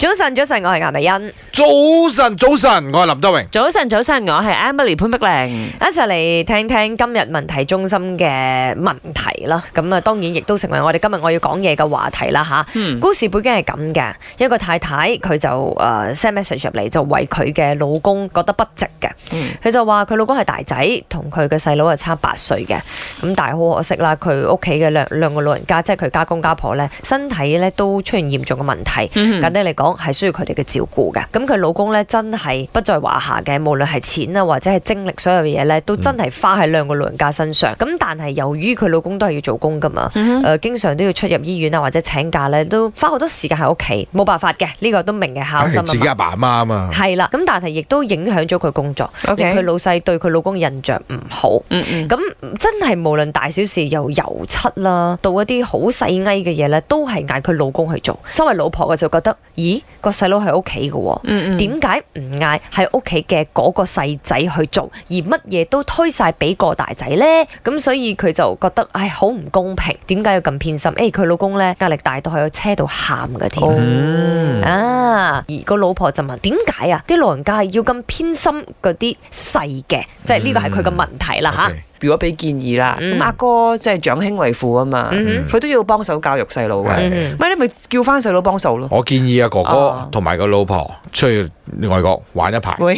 早晨，早晨，我係阿美欣。早晨，早晨，我係林德榮。早晨，早晨，我係 Emily 潘碧玲， 一齊嚟聽聽今日問題中心嘅問題啦。咁啊，當然亦都成為我哋今日我要講嘢嘅話題啦。吓、嗯，故事背景係咁嘅，一個太太佢就誒、呃、send message 入嚟，就為佢嘅老公覺得不值嘅。佢、嗯、就話佢老公係大仔，同佢嘅細佬係差八歲嘅。咁但係好可惜啦，佢屋企嘅兩兩個老人家，即係佢家公家婆咧，身體咧都出現嚴重嘅問題。簡單嚟講。 係需要佢哋嘅照顧嘅，咁佢老公咧真係不在話下嘅，無論係錢啊或者係精力，所有嘢咧都真係花喺兩個老人家身上。咁、嗯、但係由於佢老公都係要做工噶嘛，誒、嗯哼呃、經常都要出入醫院啊或者請假咧，都花好多時間喺屋企，冇辦法嘅。呢、這個都明嘅孝心，係自己阿爸阿媽啊嘛。係啦，咁但係亦都影響咗佢工作，佢 Okay 老細對佢老公印象唔好。咁、嗯嗯、真係無論大小事，由油漆啦，到一啲好細埃嘅嘢咧，都係嗌佢老公去做。身為老婆嘅就覺得，咦？個細佬喺屋企嘅，點解唔嗌喺屋企嘅嗰個細仔去做，而乜嘢都推晒俾個大仔呢？咁所以佢就覺得唉，好唔公平，點解要咁偏心？誒、哎，佢老公呢壓力大到喺個車度喊嘅添啊！而個老婆就問：點解啊？啲老人家係要咁偏心嗰啲細嘅，即係呢個係佢嘅問題啦吓。嗯哈 okay. 如果俾建議啦，咁阿、嗯、哥即係長兄為父啊嘛，佢、嗯、哼都要幫手教育細路嘅。咪、嗯、哼你咪叫返細路幫手咯。我建議啊，哥哥同埋個老婆出去。外國玩一排都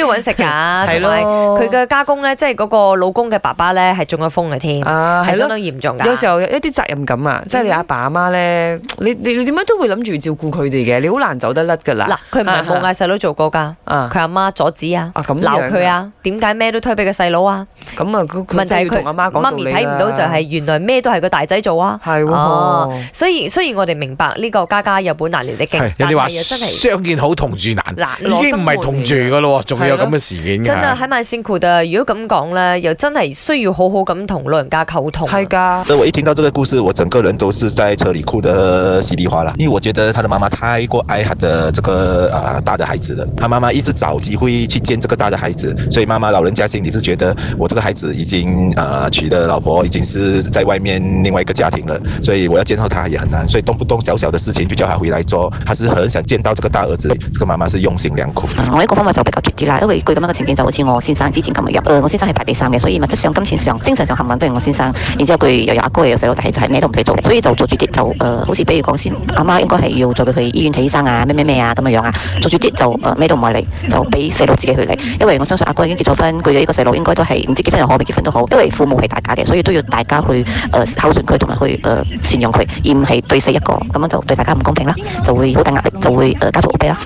要揾食㗎，同埋佢嘅家公咧，即係嗰個老公嘅爸爸咧，係中咗風嘅添，係相當嚴重㗎。有時候一啲責任感啊，即係你阿爸阿媽咧，你你你點樣都會諗住照顧佢哋嘅，你好難走得甩㗎啦。嗱，佢唔係冇嗌細佬做過㗎，佢阿媽阻止啊，鬧佢啊，點解咩都推俾個細佬啊？咁啊，問題係佢媽咪睇唔到就係原來咩都係個大仔做啊。係喎，所以雖然我哋明白呢個家家有本難唸嘅經，但係又真係相見好同住難，已經唔係同住嘅咯，仲有咁嘅事件。的是真啊，係蠻辛苦嘅。如果咁講呢，又真係需要好好咁同老人家溝通下。的我一聽到這個故事，我整個人都是在車裏哭得稀里嘩啦。因為我覺得他的媽媽太過愛他的這個啊、呃、大的孩子了。他媽媽一直找機會去見這個大的孩子，所以媽媽老人家心裏是覺得我這個孩子已經啊、呃、娶咗老婆，已經是在外面另外一個家庭了，所以我要見到他也很難。所以動不動小小的事情就叫他回來做，他是很想見到這個大兒子。這個媽媽是用心良苦，嗯。我呢個方法就比較直接啦，因為佢咁樣嘅情景就好似我先生之前咁嘅樣，呃。我先生係排第三嘅，所以物質上、金錢上、精神上，冚唪唥都係我先生。然之後佢又有阿哥又有細佬仔，但是就係咩都唔使做，所以就做住啲就、呃、好似比如講先，阿媽，媽應該係要載佢去醫院睇醫生啊，咩咩咩啊咁嘅樣啊。做住啲就誒咩，呃、都唔係你，就俾細佬自己去理。因為我相信阿哥已經結咗婚，佢有呢個細佬應該都係唔知結婚又好，未結婚都好，因為父母係大家嘅，所以都要大家去誒孝，呃、順佢，同埋去誒贍養佢，而唔係對死一個咁樣就對大家唔公平啦，就會好大壓力，就會加速族屋啦。